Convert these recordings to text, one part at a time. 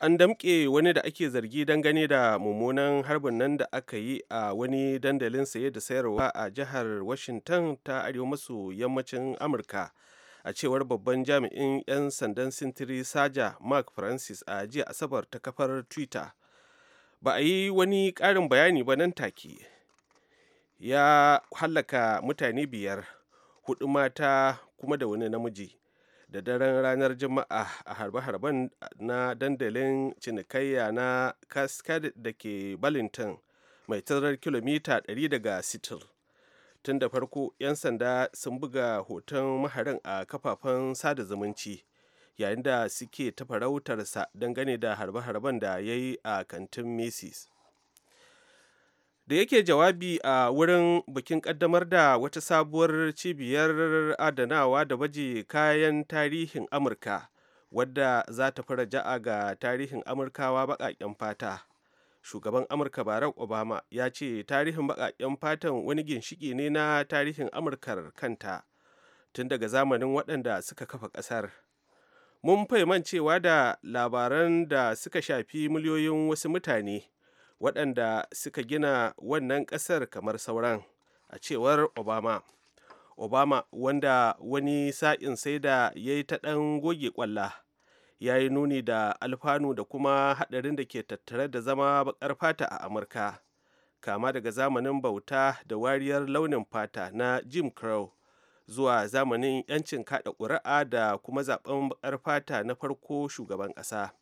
an damƙe wani da ake zargi dangane da mummunan harbin nan da aka yi a wani dandalin saye da sayarwa a jihar washington ta arewa maso yammacin amurka a cewar babban jami'in 'yan sandan sintiri saja mark francis a jiya asabar ta kafar twitter ba a yi wani ƙarin bayani ba nan take ya hallaka mutane biyar hudu mata kuma da wani namiji da daren ranar juma'a a harbe-harben na dandalin cinikayya na cascade da ke balinton mai tarar kilomita 100 daga sitir tun da farko 'yan sanda sun buga hoton maharin a kafafen sada zumunci yayin da suke ta farautarsa dangane da harbe-harben da ya yi a kantin macy's da yake jawabi a wurin bikin kaddamar da wata sabuwar cibiyar adanawa da baje kayan tarihin amurka wadda za ta fara ja'a ga tarihin amurkawa baƙaƙen fata shugaban amurka barack obama ya ce tarihin baƙaƙen fatan wani ginshiki ne na tarihin amurkar kanta tun daga zamanin waɗanda suka kafa ƙasar mun faiman cewa da labaran da suka shafi miliyoyin wasu mutane waɗanda suka gina wannan ƙasar kamar sauran a cewar obama obama wanda wani sa'in sai da ya yi ta ɗan goge ƙwalla ya yi nuni da alfanu da kuma haɗarin da ke tattare da zama baƙar fata a amurka kama daga zamanin bauta da wariyar launin fata na jim crow zuwa zamanin 'yancin kaɗa ƙuri'a da kuma zaɓen baƙar fata na farko shugaban ƙasa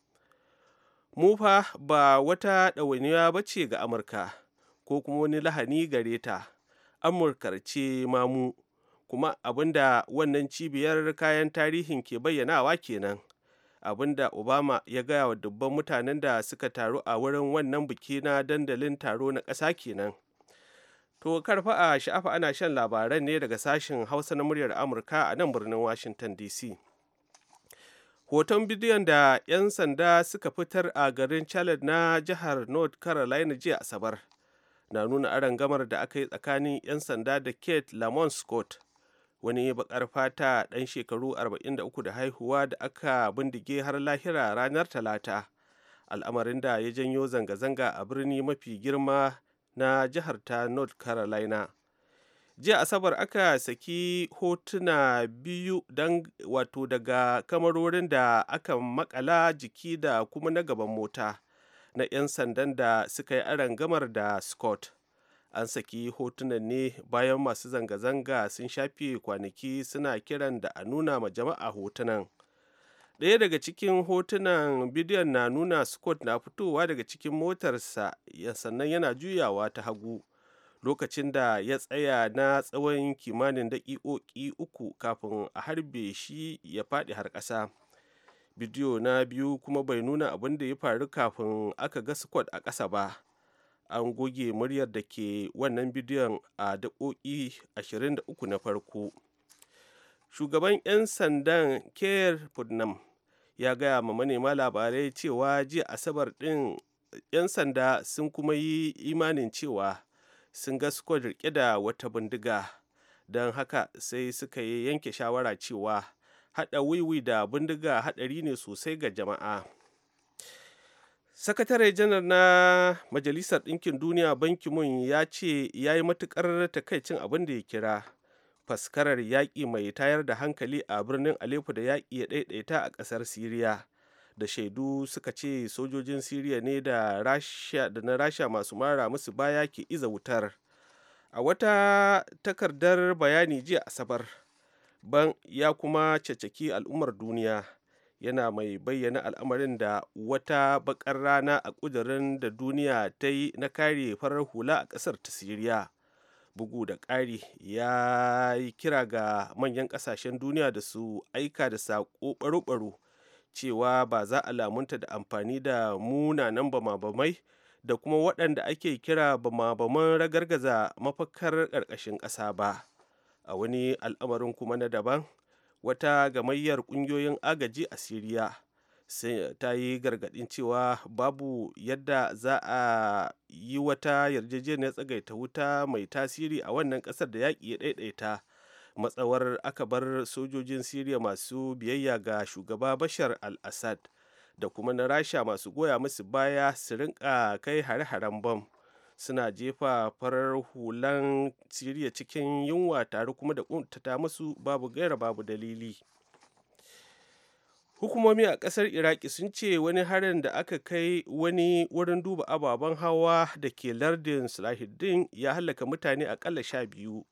mu fa ba wata ɗawainiya ba ce ga amurka ko kuma wani lahani gare ta amurkar ce mamu kuma abinda wannan cibiyar kayan tarihin ke bayyanawa kenan abin da obama ya gaya wa dubban mutanen da suka taru a wurin wannan biki na dandalin taro na ƙasa kenan to karfa a sha'afa ana shan labaran ne daga sashen hausa na muryar amurka a nan birnin washington dc hoton bidiyon da 'yan sanda suka fitar a garin charlotte na jihar north carolina jiya asabar na nuna gamar da aka yi tsakanin 'yan sanda da kate lamont scott wani bakar fata dan shekaru 43 da haihuwa da aka bindige har lahira ranar talata al'amarin da ya janyo zanga-zanga a birni mafi girma na jihar ta north carolina jiya asabar aka saki hotuna biyu dan wato daga kamarorin da aka makala jiki da kuma na gaban mota na 'yan sandan da suka yi gamar da scott an saki hotunan ne bayan masu zanga-zanga sun shafe kwanaki suna kiran da a nuna ma jama'a hotunan ɗaya daga cikin hotunan bidiyon na nuna scott na fitowa daga cikin motarsa sannan yana juyawa ta hagu lokacin da ya tsaya na tsawon kimanin daƙiƙoƙi uku kafin a harbe shi ya faɗi har ƙasa bidiyo na biyu kuma bai nuna abin da ya faru kafin aka ga squad a ƙasa ba an goge muryar da ke wannan bidiyon a daƙoƙi 23 na farko shugaban 'yan sandan keir putnam ya gaya ma manema labarai cewa jiya asabar ɗin 'yan sanda sun kuma yi imanin cewa sun ga squad rike da wata bindiga don haka sai suka yi yanke shawara cewa haɗa wiwi da bindiga haɗari ne sosai ga jama'a sakatare janar na majalisar ɗinkin duniya banki mun ya ce ya yi matuƙar takaicin abin da ya kira faskarar yaƙi mai tayar da hankali a birnin aleppo da yaƙi ya ɗaiɗaita a ƙasar siriya da shaidu suka ce sojojin siriya ne da na rasha masu mara musu baya ke iza wutar a wata takardar bayani jiya asabar ban ya kuma cecaki al'ummar duniya yana mai bayyana al'amarin da wata bakar rana a kudurin da duniya ta yi na kare farar hula a kasar ta siriya bugu da ƙari ya yi kira ga manyan ƙasashen duniya da su aika da saƙo ɓaro-ɓaro cewa ba za a lamunta da amfani da munanan bamabamai da kuma waɗanda ake kira bamabaman ragargaza mafakar ƙarƙashin ƙasa ba a wani al'amarin kuma na daban wata gamayyar ƙungiyoyin agaji a siriya ta yi gargaɗin cewa babu yadda za a yi wata yarjejeniyar tsagaita wuta mai tasiri a wannan ƙasar da yaƙi ya ɗaiɗaita matsawar aka bar sojojin siriya masu biyayya ga shugaba bashar al-assad da kuma na rasha masu goya musu baya su rinka kai hare-haren bom suna jefa farar hulan siriya cikin yunwa tare kuma da kuntata musu babu gaira babu dalili hukumomi a kasar iraki sun ce wani harin da aka kai wani wurin duba ababen hawa da ke lardin salahuddin ya halaka mutane akalla sha biyu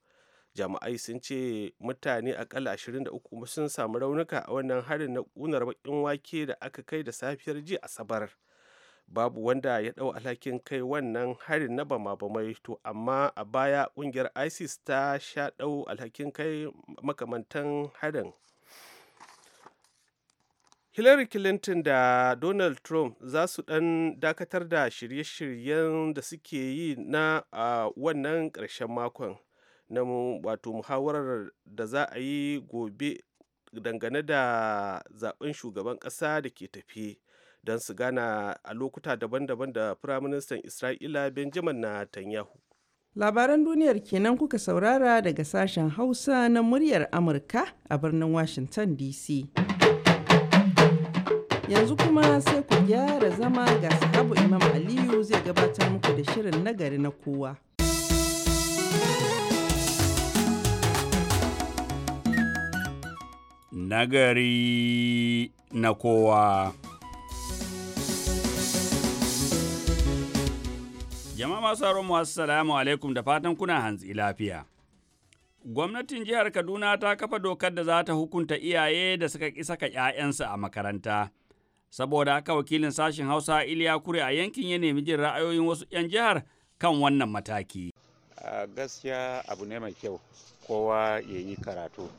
jami'ai sun ce mutane akalla 23 sun samu raunuka a wannan harin na kunar bakin wake da aka kai da safiyar ji asabar babu wanda ya dau alhakin kai wannan harin na bama-bamai to amma a baya kungiyar isis ta sha dau alhakin kai makamantan harin hillary clinton da donald trump za su dan dakatar da shirye-shiryen da suke yi na uh, wannan ƙarshen makon na wato muhawarar da za a yi gobe dangane da zaben shugaban ƙasa da ke tafi don su gana a lokuta daban-daban da firaministan isra'ila benjamin tanyahu. labaran duniyar kenan kuka saurara daga sashen hausa na muryar amurka a birnin washington dc yanzu kuma sai ku gyara zama ga sahabu imam aliyu zai gabatar muku da shirin nagari na kowa nagari na kowa. Jama'a masu haramu masu salamu alaikum da fatan kuna hanzi lafiya. Gwamnatin jihar Kaduna ta kafa dokar da za ta hukunta iyaye da suka saka ‘ya'yansu a makaranta. Saboda haka wakilin sashen Hausa Iliya Kure a yankin ya nemi jin ra'ayoyin wasu ‘yan jihar kan wannan mataki. gaskiya abu ne mai kyau kowa ya yi karatu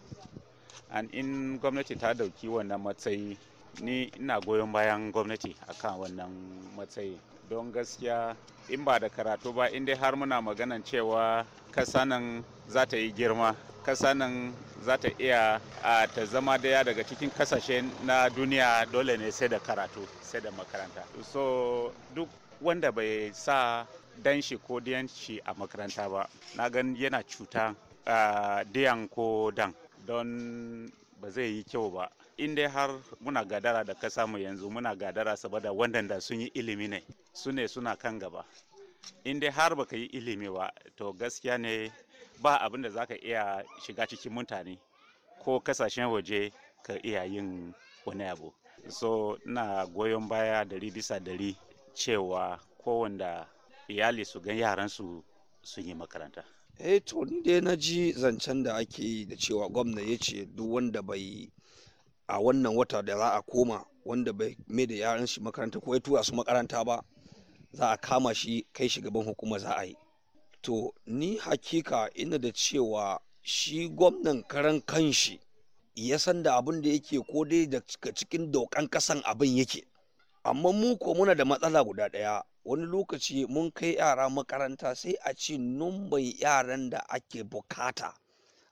an in gwamnati ta dauki wannan matsayi ni ina goyon bayan gwamnati akan wannan matsayi don gaskiya in ba da karatu ba in har muna maganan cewa kasa nan za ta yi girma kasa nan za ta iya a ta zama daya daga cikin kasashe na duniya dole ne sai da karatu sai da makaranta so duk wanda bai sa danshi ko diyan a makaranta ba na gan yana cuta diyan ko dan don ba zai yi kyau ba in dai har muna gadara da kasa mu yanzu muna gadara saboda wadanda sun yi ilimi ne su ne suna kan gaba in dai har baka yi ilimi ba to gaskiya ne ba abin da za ka iya shiga cikin mutane ko kasashen waje ka iya yin wani abu so na goyon baya dari bisa dari cewa kowanda iyali su gan yaransu sun yi makaranta eh to ni dai na ji zancen da ake yi da cewa gwamna ya ce duk wanda bai a wannan wata da za a koma wanda bai mai da yaran shi makaranta ko ya tura su makaranta ba za a kama shi kai shi gaban hukuma za a yi to ni hakika ina da cewa shi gwamnan karan kanshi ya san da abin da yake ko dai daga cikin dokan kasan abin yake amma mu ko muna da matsala guda ɗaya wani lokaci mun kai yara makaranta sai a ci numban yaran da ake bukata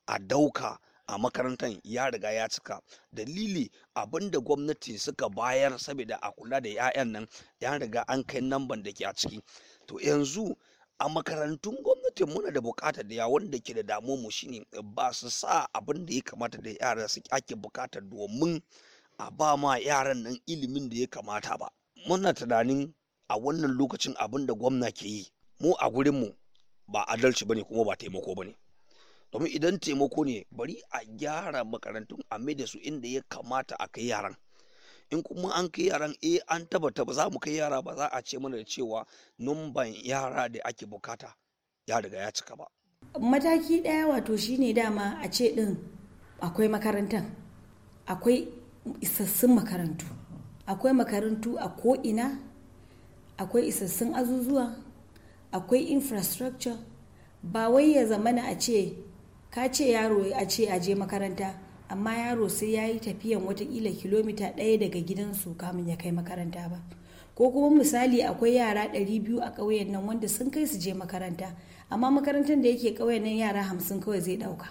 a dauka a makarantar ya riga ya cika dalili abinda gwamnati suka bayar saboda a kula da 'ya'yan nan ya riga an kai namban da ke a ciki to yanzu a makarantun gwamnati muna da bukatar da wanda ke da damuwa mu shine ba su sa abinda da ya kamata da yara su ake bukata domin a ba ma yaran nan ilimin da ya kamata ba muna tunanin a wannan lokacin abin da gwamna ke yi mu a gurinmu ba adalci bane kuma ba taimako bane domin idan taimako ne bari a gyara makarantun a da su inda ya kamata a kai yaran in kuma an kai yaran eh an tabbata ba za mu kai yara ba za a ce mana da cewa numban yara da ake bukata ya riga ya cika ba mataki ɗaya wato shine dama a ce ɗin akwai makarantan akwai isassun makarantu akwai makarantu a ko'ina akwai isassun azuzuwa akwai infrastructure ba wai ya zamana a ce ka ce yaro a ce a je makaranta amma yaro sai ya yi tafiyan watakila kilomita ɗaya daga gidansu kamun ya kai makaranta ba ko kuma misali akwai yara 200 a ƙauyen nan wanda sun kai su je makaranta amma makarantar da yake ƙauyen nan yara 50 kawai zai ɗauka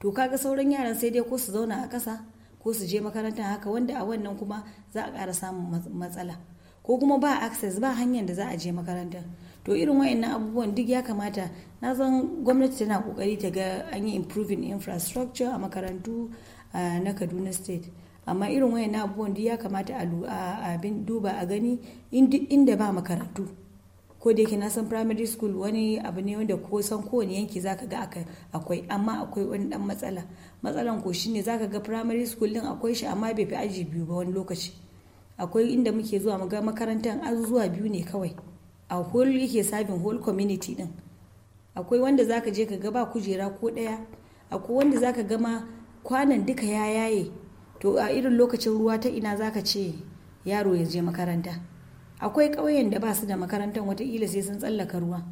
to kaga sauran yaran sai dai ko su zauna a ƙasa ko su je makarantar haka wanda a wannan kuma za a kara samun matsala ko kuma ba access ba hanyar da za a je makarantar to irin wayannan abubuwan duk ya kamata na san gwamnati tana kokari ta ga an yi improving infrastructure a makarantu na kaduna state amma irin wayannan abubuwan duk ya kamata a duba a gani inda ba makarantu ko da yake na san primary school wani abu ne wanda ko san kowane yanki zaka ga akwai amma akwai wani dan matsala matsalan ko shine zaka ga primary school din akwai shi amma bai fi aji biyu ba wani lokaci akwai inda muke zuwa mu ga makarantar zuwa biyu ne kawai a whole yake sabin whole community din akwai wanda zaka je ka ga ba kujera ko daya akwai wanda zaka ga ma kwanan duka ya yaye to a irin lokacin ruwa ta ina zaka ce yaro ya je makaranta akwai ƙauyen da ba su da makarantar wataƙila sai sun tsallaka ruwa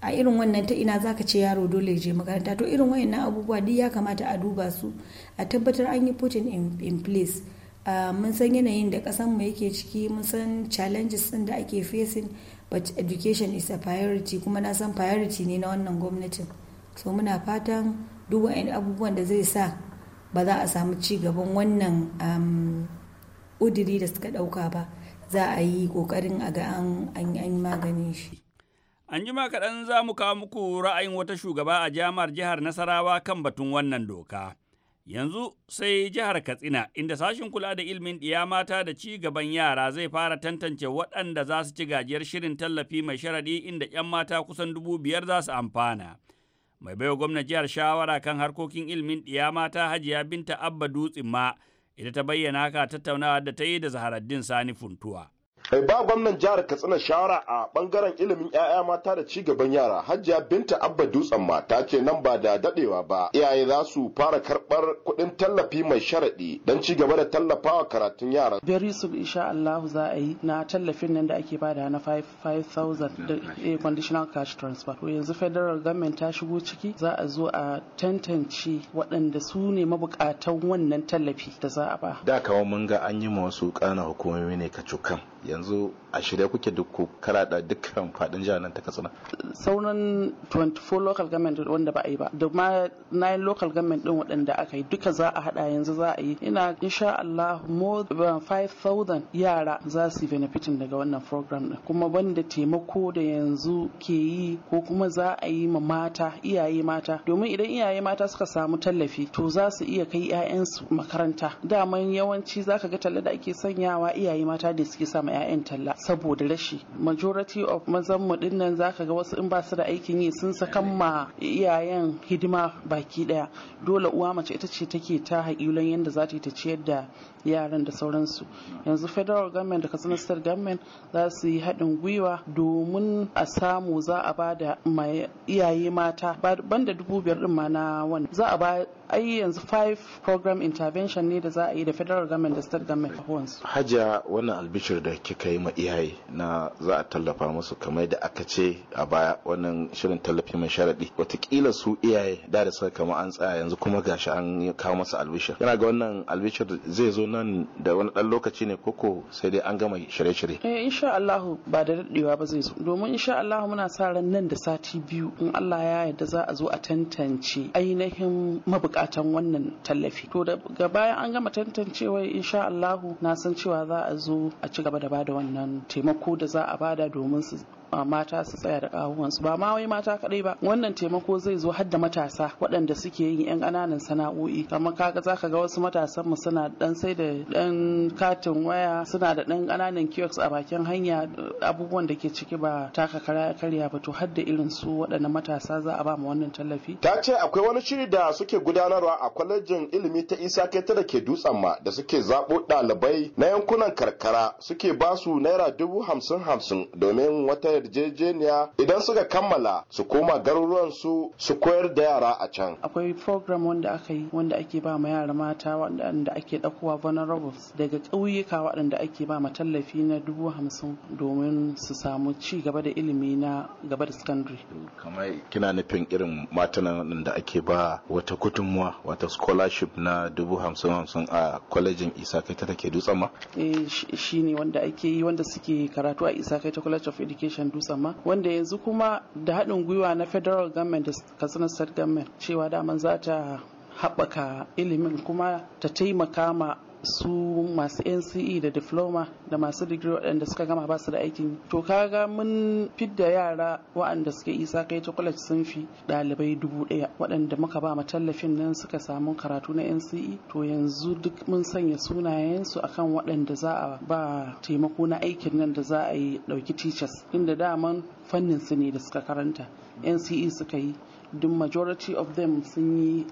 a irin wannan ta ina zaka ce yaro dole ya je makaranta to irin na abubuwa duk ya kamata a duba su a tabbatar an yi putin in place mun san yanayin da kasan mu yake ciki mun san challenges din da ake facing but education is a priority kuma na san priority ne na wannan gwamnatin so muna fatan duk wayan abubuwan da zai sa ba za a samu ci gaban wannan um, udiri da suka ɗauka ba za a yi ƙoƙarin a ga an yi maganin shi. An ji kaɗan za mu kawo muku ra'ayin wata shugaba a jami'ar jihar Nasarawa kan batun wannan doka. Yanzu sai jihar Katsina inda sashin kula da ilimin ɗiya mata da ci gaban yara zai fara tantance waɗanda za su ci gajiyar shirin tallafi mai sharaɗi inda 'yan mata kusan dubu biyar za su amfana. Mai baiwa gwamnan jihar shawara kan harkokin ilimin ɗiya mata Hajiya Binta Abba Dutsin ma ita ta bayyana haka tattaunawa da ta yi da zaharaddin sani funtuwa Mai eh, ba gwamnan jihar Katsina shawara a bangaren ilimin 'ya'ya mata da ci gaban yara Hajiya Binta Abba Dutsen mata ce nan ba da dadewa ba iyaye za su fara karɓar kuɗin tallafi mai sharaɗi don ci gaba da tallafawa karatun yara. Very soon insha Allah za a yi na tallafin nan da ake bada na 5000 da eh, conditional cash transfer. To yanzu federal government ta shigo ciki za a zo a tantance waɗanda su ne mabukatan wannan tallafi da za a ba. Da kawo mun ga an yi ma wasu ƙana hukumomi ne ka cukan. yanzu a shirya kuke duk ku karada dukkan fadin jihar nan ta katsina sauran 24 local government wanda ba a yi ba da ma 9 local government din waɗanda aka yi duka za a hada yanzu za a yi ina insha Allah more than 5000 yara za su benefitin daga wannan program din kuma banda taimako da yanzu ke yi ko kuma za a yi ma mata iyaye mata domin idan iyaye mata suka samu tallafi to za su iya kai 'ya'yansu makaranta daman yawanci zaka ga talla da ake sanyawa iyaye mata da suke sa ma 'ya'yan talla saboda rashi majority of mazan mu din nan zaka ga wasu in ba su da aikin yi sun sakan ma iyayen hidima baki daya dole uwa mace ita ce take ta haƙilan yadda za ta yi ta ciyar da yaran da sauransu yanzu federal government da katsina state government za su yi haɗin gwiwa domin a samu za a ba da iyaye mata ban da dubu biyar din ma na wani za a ba ai yanzu five program intervention ne da za a yi da federal government da state government once hajiya wannan albishir da kika yi ma iyaye na za a tallafa musu kamar da aka ce a baya wannan shirin tallafi mai sharaɗi. watakila su iyaye da da suka kama an tsaya yanzu kuma gashi an kawo masa albishir yana ga wannan albishir zai zo nan da wani dan lokaci ne ko sai dai an gama shirye-shirye eh insha Allah ba da daɗewa ba zai zo domin insha Allah muna sa ran nan da sati biyu in Allah ya yarda za a zo a tantance ainihin mabuƙata bukatan wannan tallafi to daga bayan an gama tantancewa insha Allahu na san cewa za a zo a ci gaba da bada wannan taimako da za a bada domin su mata su tsaya da kawunansu ba ma wai mata kaɗai ba wannan taimako zai zo har da matasa waɗanda suke yin 'yan ƙananan sana'o'i kamar kaga zaka ga wasu matasan mu suna dan sai da dan katin waya suna da dan ƙananan kiosk a bakin hanya abubuwan da ke ciki ba taka kara karya ba to har da irin su waɗannan matasa za a ba mu wannan tallafi ta ce akwai wani shiri da suke gudanarwa a kwalejin ilimi ta isa keta da ke dutsen ma da suke zaɓo ɗalibai na yankunan karkara suke basu naira dubu hamsin hamsin domin wata yarjejeniya idan suka kammala su koma garuruwan su su koyar da yara a can akwai program wanda aka yi wanda ake ba ma yara mata wanda ake dakuwa vulnerables daga ƙauyuka waɗanda ake ba ma tallafi na dubu hamsin domin su samu ci gaba da ilimi na gaba da secondary kamar kina nufin irin matan da ake ba wata gudunmuwa wata scholarship na dubu hamsin hamsin a kwalejin isa kai ta take dutsen ma eh, shi ne wanda ake yi wanda suke karatu a isa kai ta college of education kan dutsen ma wanda yanzu kuma da haɗin gwiwa na federal government da katsina state government cewa daman za ta haɓaka ilimin kuma ta taimaka ma su masu nce da diploma da masu digiri waɗanda suka gama ba su da aikin to kaga mun fidda yara waɗanda suke isa kai ta college sun fi ɗalibai dubu ɗaya waɗanda muka ba ma tallafin nan suka samu karatu na nce to yanzu duk mun sanya sunayensu akan waɗanda za a ba taimako na aikin nan da za a yi ɗauki teachers inda daman fannin su ne da suka karanta nce suka yi duk majority of them sun yi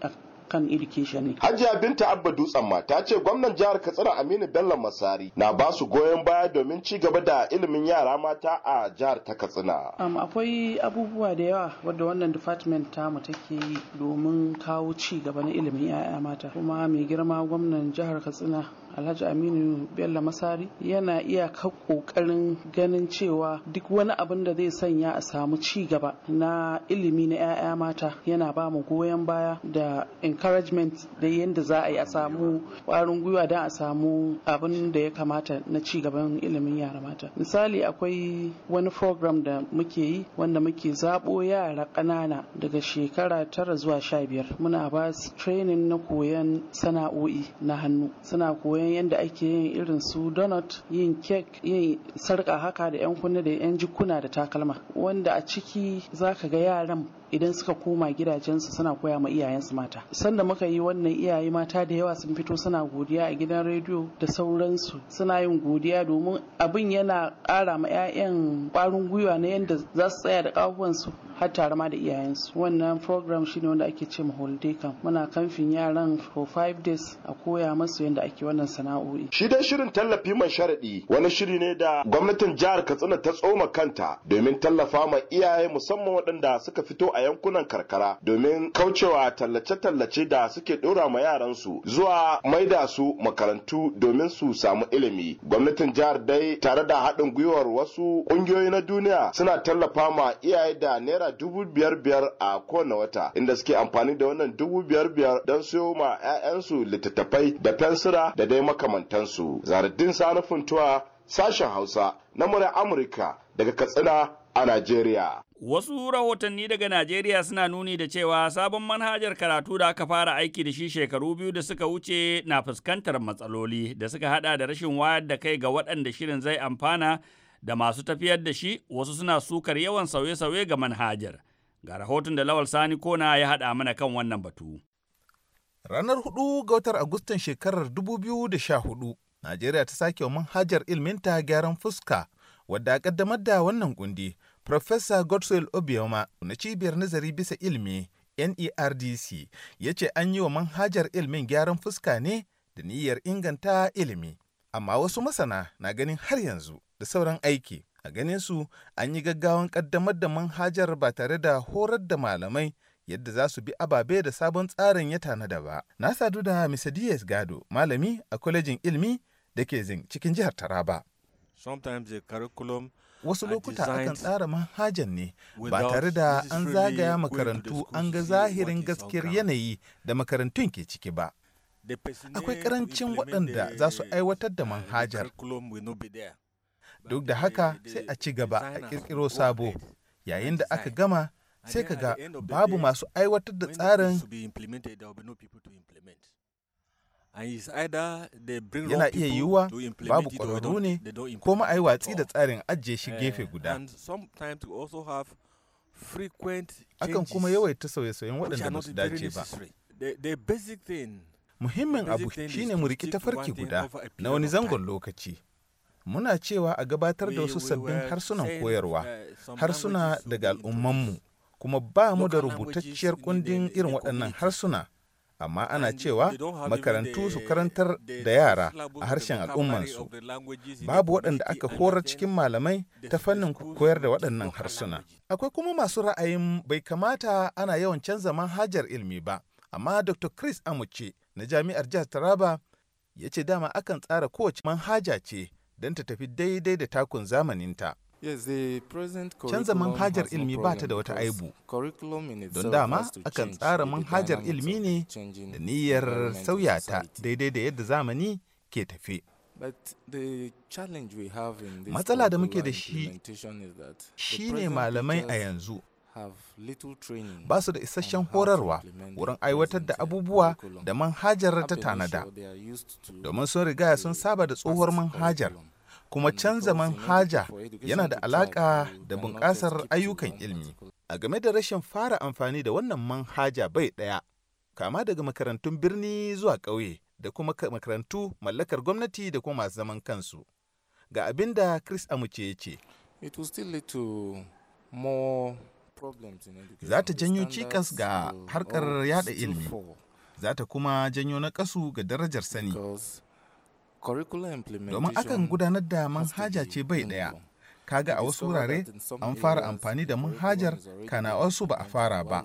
kan education ne. Hajiya Binta Abba Dutsen ma ta ce gwamnan jihar Katsina Aminu Bello Masari na ba su goyon baya domin ci gaba da ilimin yara mata a jihar ta Katsina. akwai abubuwa da yawa wadda wannan department mu take yi domin kawo ci gaba na ilimin 'ya'ya mata kuma mai girma gwamnan jihar Katsina alhaji aminu bello masari yana iya kokarin ganin cewa duk wani abin da zai sanya a samu ci gaba na ilimi na 'ya'ya mata yana ba mu goyon baya da encouragement da yadda za a yi a samu ƙwarin gwiwa don a samu abin da ya kamata na ci gaban ilimin yara mata misali akwai wani program da muke yi wanda muke zaɓo yara ƙanana daga shekara tara zuwa sha biyar muna ba su training na koyon sana'o'i na hannu suna koyon yadda ake yin irin su donut yin cake yin sarka haka da 'yan kunna da 'yan jikuna da takalma wanda a ciki za ka ga yaran idan suka koma gidajensu suna koya ma iyayensu mata sanda muka yi wannan iyaye mata da yawa sun fito suna godiya a gidan rediyo da sauransu suna yin godiya domin abin yana ƙara ma 'ya'yan ƙwarin gwiwa na yadda za su tsaya da ƙafuwansu har tare ma da iyayensu wannan program shine wanda ake ce ma holiday camp muna kamfin yaran for five days a koya masu yadda ake wannan sana'o'i shi dai shirin tallafi mai sharaɗi wani shiri ne da gwamnatin jihar katsina ta tsoma kanta domin tallafa ma iyaye musamman waɗanda suka fito a yankunan karkara domin kaucewa tallace-tallace da suke ɗora ma yaransu zuwa maida su makarantu domin su samu ilimi. Gwamnatin jihar dai tare da haɗin gwiwar wasu ƙungiyoyi na duniya suna tallafa ma iyaye da naira dubu biyar biyar a kowane wata inda suke amfani da wannan dubu biyar biyar don siyo ma 'ya'yansu littattafai da fensira da dai makamantansu. Zaradin sanufin tuwa sashen Hausa na murar Amurka daga Katsina a Najeriya. Wasu rahotanni daga Najeriya suna nuni da cewa sabon manhajar karatu da aka fara aiki da shi shekaru biyu da suka wuce na fuskantar matsaloli da suka hada da rashin wayar da kai ga waɗanda shirin zai amfana da masu tafiyar da shi wasu suna sukar yawan sauye-sauye ga manhajar. Ga rahoton da Lawal Sani Kona ya haɗa mana kan wannan batu. Ranar hudu ga watan Agustan shekarar 2014, Najeriya ta sake wa manhajar ilminta gyaran fuska wadda a ƙaddamar da wannan kundi Profesa Godswill Obioma na cibiyar nazari bisa ilimi NERDC ya ce an yi wa manhajar ilimin gyaran fuska ne da niyyar inganta ilimi. Amma wasu masana na ganin har yanzu da sauran aiki. A ganin su an yi gaggawan ƙaddamar da manhajar ba tare da horar da malamai yadda za su bi ababe da sabon tsarin ya tanada ba. Na sadu da Mr. Diaz Gado, malami a kwalejin ilimi da ke zin cikin jihar Taraba. Sometimes the curriculum wasu lokuta akan tsara manhajan ne ba tare da an zagaya makarantu an ga zahirin gaskiyar yanayi da makarantun ke ciki ba akwai karancin waɗanda za su aiwatar da uh, manhajar duk da haka sai a ci gaba a ƙirƙiro sabo yayin da aka gama sai ka ga babu masu aiwatar da tsarin yana iya yiwuwa babu ƙwararru ne ko a watsi da tsarin ajiye shi gefe eh, guda akan kuma yawaita sauye-sauyen waɗanda ba su dace ba muhimmin abu shine mu riki tafarki guda na wani zangon lokaci muna cewa a gabatar da wasu sabbin harsunan koyarwa uh, harsuna daga al'ummanmu kuma ba mu da rubutacciyar kundin irin waɗannan harsuna amma ana cewa makarantu su karantar da yara a harshen al'ummansu babu waɗanda aka horar cikin malamai ta fannin koyar da waɗannan harsuna akwai kuma masu ra'ayin bai kamata ana yawan canza manhajar ilmi ba amma dr chris amuce na jami'ar jihar taraba ya ce dama akan tsara kowace manhaja ce don ta tafi daidai da takun zamaninta Canza manhajar ilmi ba ta da wata aibu, don dama akan tsara manhajar ilmi ne da niyyar sauya ta daidai da yadda zamani ke tafe. Matsala da muke da shi shi ne malamai a yanzu ba su da isasshen horarwa wurin aiwatar da abubuwa da manhajar ta tanada, domin sun rigaya sun saba da tsohuwar manhajar. kuma canza manhaja yana da alaƙa da bunƙasar ayyukan ilmi. A game da rashin fara amfani da wannan manhaja bai ɗaya, kama daga makarantun birni zuwa ƙauye da kuma makarantu mallakar gwamnati da kuma masu zaman kansu. Ga abin da Chris Amuce ya ce. Za ta janyo cikas ga harkar yada ilmi, za ta kuma janyo na naƙasu ga darajar sani. domin akan gudanar da manhaja ce bai ɗaya kaga a wasu wurare an fara amfani da manhajar kana wasu ba a fara ba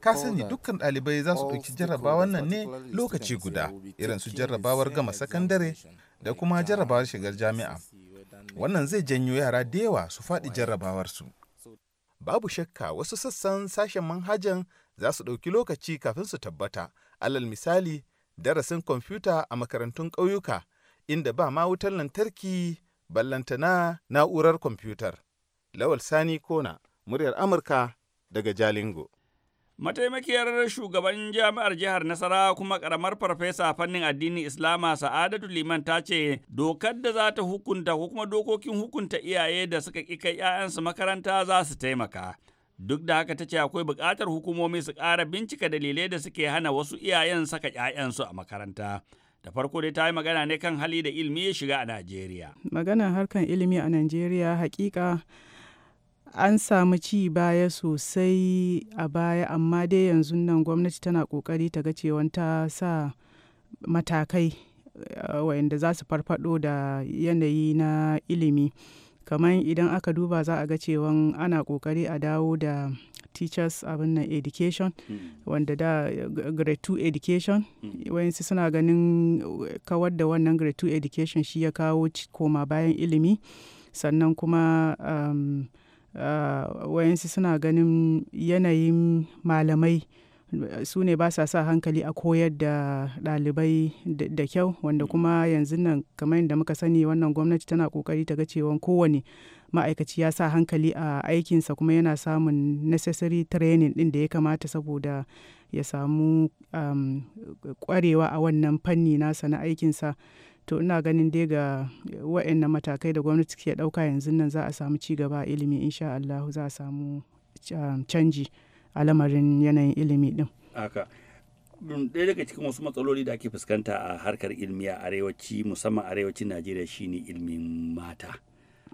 ka sani dukkan ɗalibai za su ɗauki jarrabawar nan ne lokaci guda irin su jarrabawar gama sakandare da kuma jarrabawar shigar jami'a wannan zai janyo yara da yawa su faɗi jarrabawarsu babu shakka wasu sassan sashen manhajan za su ɗauki lokaci kafin su tabbata alal misali darasin kwamfuta a makarantun ƙauyuka inda ba ma wutar lantarki ballantana na'urar kwamfutar. Lawal Sani Kona, muryar Amurka daga Jalingo. Mataimakiyar shugaban jami'ar jihar nasara kuma karamar farfesa fannin addinin Islama Sa'adatu Liman ta ce dokar da za ta hukunta ko kuma dokokin hukunta iyaye da suka ƙi kai 'ya'yansu makaranta za su taimaka. Duk da haka ta ce akwai buƙatar hukumomi su ƙara bincika dalilai da suke hana wasu iyayen saka 'ya'yansu a makaranta. Da farko dai ta yi magana ne kan hali da ilimi ya shiga a Najeriya. magana harkan ilimi a Najeriya hakika an samu ci baya sosai a baya amma dai yanzu nan gwamnati tana kokari ta ga cewa ta sa matakai eh, wayanda za su farfado da yanayi na ilimi. kamar idan aka duba za a ga cewa ana kokari a dawo da teachers abin nan education mm. wanda da eh, grade 2 education mm. wayansu suna ganin eh, kawar da wannan grade 2 education shi ya kawo koma bayan ilimi sannan kuma um, uh, wayansu suna ganin yanayin malamai su ne ba sa sa hankali a koyar da ɗalibai da kyau wanda mm. kuma yanzu nan kamar yadda muka sani wannan gwamnati tana kokari ta ga cewa kowane ma'aikaci ya sa hankali a aikinsa kuma yana samun necessary training ɗin da ya kamata saboda ya samu kwarewa um, a wannan fanni nasa na aikinsa to ina ganin dai ga wa'annan matakai da gwamnati ke ɗauka yanzu nan za a samu ci gaba a ilimi insha Allah za a samu um, canji. a lamarin yanayin ilimi din. Aka. Mm, ɗaya daga cikin wasu matsaloli da ake fuskanta a harkar ilmi a arewaci musamman arewacin najeriya shine ilmin mata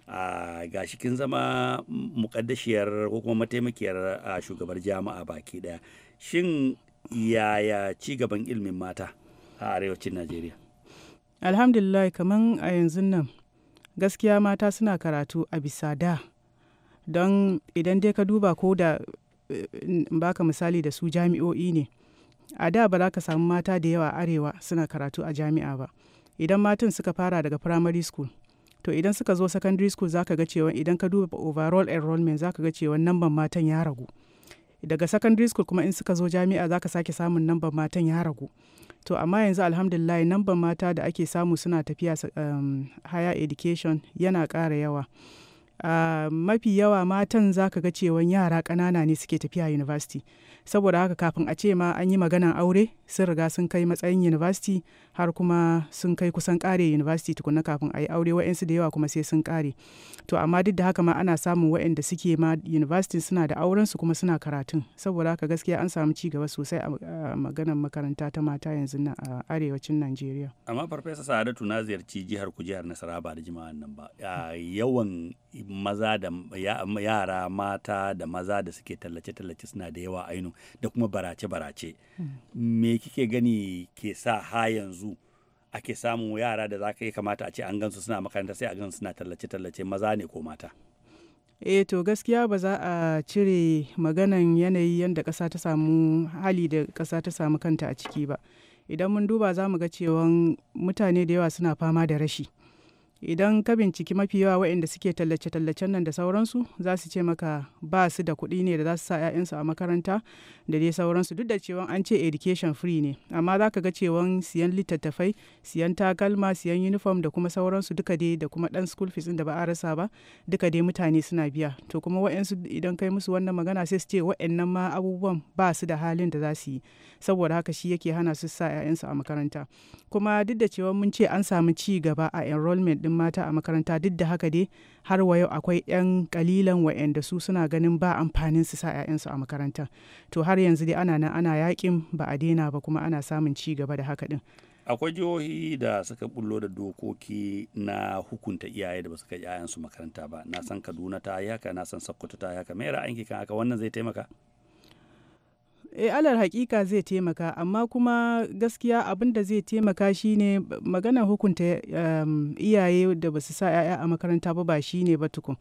a ga kin zama mukaddashiyar ko kuma mataimakiyar a shugabar jama'a baki ɗaya. shin yaya ci gaban ilmin mata a arewacin najeriya alhamdulillah kamar a yanzu nan gaskiya mata suna karatu a bisa da don idan dai ka duba ko da in baka misali da su jami'o'i ne a da ba za ka samu mata da yawa arewa suna karatu a jami'a ba idan matan suka fara daga primary school to idan suka zo secondary school za ka ga cewa idan ka duba overall enrollment za ka ga cewa namban matan ya ragu daga secondary school kuma in suka zo jami'a za ka sake samun namban matan ya ragu to amma yanzu alhamdulillah namban mata da ake samu suna tafiya um, higher education yana ƙara yawa Uh, mafi yawa matan za ka ga cewa yara ƙanana ne suke tafiya university saboda haka kafin a ce ma an yi maganan aure sun riga sun kai matsayin university har kuma sun kai kusan kare university tukuna kafin a yi aure wa'yansu da yawa kuma sai sun kare to amma duk da haka ma ana samun wa'yanda suke ma university suna da auren su kuma suna karatun saboda haka gaskiya an samu ci gaba sosai a maganar makaranta ta mata yanzu nan a arewacin Najeriya amma farfesa Sa'adatu na ziyarci jihar ku jihar nasara ba da jima'an nan ba yawan maza da yara mata da maza da suke tallace-tallace suna da yawa ainu da kuma barace-barace hmm. me kike gani ke sa ha yanzu ake samun yara da za ka kamata a ce an gansu suna makaranta sai a gansu suna tallace-tallace maza ne ko mata e to gaskiya ba za a cire maganan yanayi yadda ƙasa ta samu hali da ƙasa ta samu kanta a ciki ba idan mun duba za mu ga cewa mutane da yawa suna fama da rashi idan ka binciki mafi yawa waɗanda suke tallace-tallacen nan da sauransu za su ce maka ba su da kuɗi ne da za su sa 'ya'yansu a makaranta da dai sauransu duk da cewa an ce education free ne amma za ka ga cewa siyan littattafai siyan takalma siyan uniform da kuma sauransu duka dai da kuma ɗan school fees da ba a rasa ba duka dai mutane suna biya to kuma waɗansu idan kai musu wannan magana sai su ce waɗannan ma abubuwan ba su da halin da za su yi saboda haka shi yake hana su sa 'ya'yansu a makaranta kuma duk da cewa mun ce an samu ci gaba a enrollment ɗin mata a makaranta duk da haka dai har wa yau akwai 'yan kalilan wa'anda su suna ganin ba amfanin su sa 'ya'yansu a makaranta to har yanzu dai ana nan ana yakin ba a daina ba kuma ana samun ci gaba da haka din akwai jihohi da suka bullo da dokoki na hukunta iyaye da ba su kai 'ya'yansu makaranta ba na san kaduna ta yi haka na san sokoto ta yi haka me ra'ayinki kan haka wannan zai taimaka eh alal hakika zai taimaka amma kuma gaskiya abin da zai taimaka shine magana hukunta um, iyaye da basu sa 'ya'ya a makaranta ba ba shine ba tukun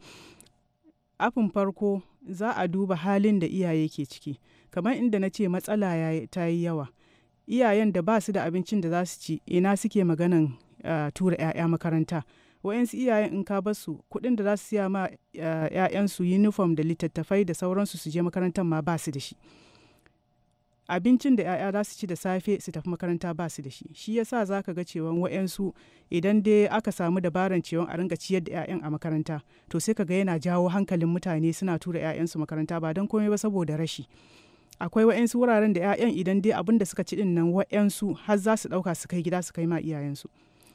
afin farko za a duba halin da iyaye ke ciki kamar inda na ce matsala ta yi yawa iyayen da ba su da abincin da za su ci ina suke maganan uh, tura 'ya'ya makaranta wa'yansu iyayen in ka basu kuɗin da za su siya ma uh, 'ya'yansu uniform da littattafai da sauransu su je makarantar ma ba su da shi abincin da 'ya'ya za su ci da safe su tafi makaranta ba su da shi shi ya sa za ka ga cewa wa'yansu idan dai aka samu dabaran cewa a ringa ciyar da 'ya'yan a makaranta to sai ka ga yana jawo hankalin mutane suna tura 'ya'yansu makaranta ba don komai ba saboda rashi akwai wa'yansu wuraren da 'ya'yan idan dai abin da suka ci din nan wa'yansu har za su ɗauka su kai gida su kai ma iyayensu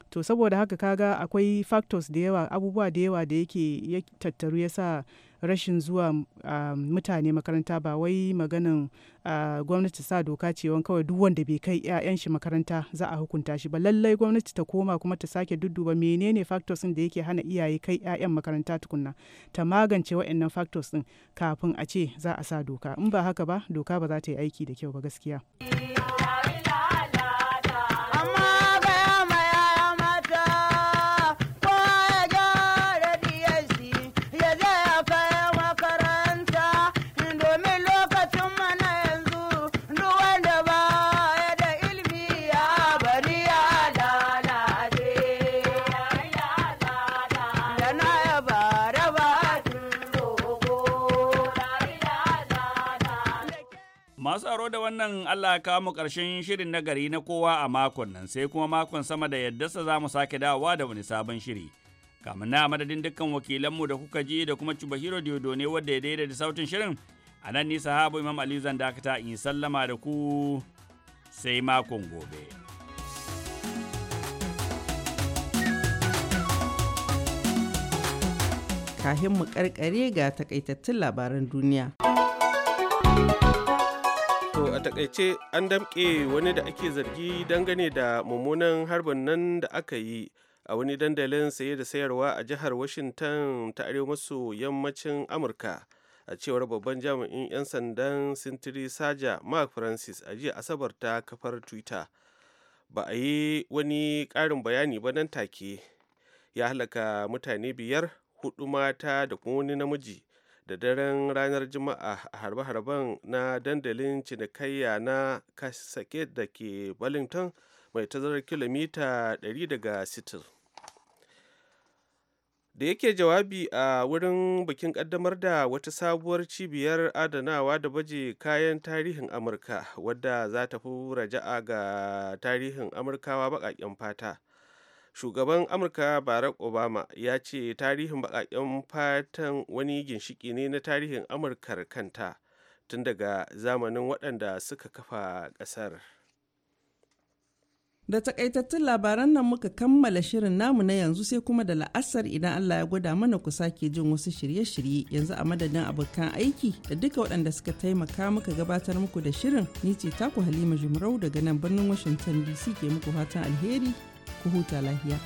to saboda haka kaga akwai factors da yawa abubuwa da yawa da yake ya tattaru yasa rashin zuwa ah, mutane makaranta ba wai maganin ah, gwamnati sa doka ce kawai duk wanda bai kai 'ya'yan shi makaranta za a hukunta shi ba lallai gwamnati ta koma kuma ta sake dudduba menene factors da yake hana iyaye kai 'ya'yan makaranta tukunna ta magance waɗannan factors din kafin a ce za a sa doka in ba haka ba doka ba za ta yi aiki da kyau ba gaskiya. sauraro da wannan Allah ka mu karshen shirin na gari na kowa a makon nan sai kuma makon sama da sa za mu sake dawowa da wani sabon shiri. Kamun na madadin dukkan wakilanmu da kuka ji da kuma Cibahiro Diodo ne wadda ya daidaita sautin shirin a nan ni sahabu Imam Ali zan dakata in sallama da ku sai makon gobe. Kahin mu karkare ga takaitattun labaran duniya. a takaice an damƙe wani da ake zargi dangane da mummunan harbin nan da aka yi a wani dandalin saye da sayarwa a jihar washington ta arewa maso yammacin amurka a cewar babban jami'in 'yan sandan sintiri saja mark francis a jiya asabar ta kafar twitter ba a yi wani ƙarin bayani ba nan take ya halaka mutane biyar hudu mata da kuma wani namiji da daren ranar juma'a a harbe-harben na dandalin cinikayya na kasake da ke wellington mai tazarar kilomita 100 daga sitir da yake jawabi a wurin bikin kaddamar da wata sabuwar cibiyar adanawa da baje kayan tarihin amurka wadda za ta fi raja'a ga tarihin amurkawa baƙaƙen fata shugaban amurka barack obama ya ce tarihin baƙaƙen fatan wani ginshiki ne na tarihin amurkar kanta tun daga zamanin waɗanda suka kafa ƙasar da takaitattun labaran nan muka kammala shirin namu na yanzu sai kuma da la'asar idan Allah ya gwada mana ku sake jin wasu shirye-shirye yanzu a madadin abokan aiki da duka waɗanda suka taimaka muka gabatar muku da shirin ni ce taku halima jumrau daga nan birnin washington dc ke muku fatan alheri ku huta lafiya.